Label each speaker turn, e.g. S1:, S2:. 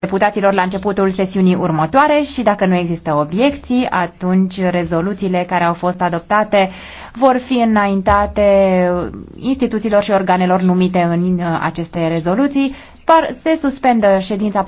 S1: deputaților la începutul sesiunii următoare și dacă nu există obiecții, atunci rezoluțiile care au fost adoptate vor fi înaintate instituțiilor și organelor numite în uh, aceste rezoluții. Par Se suspendă ședința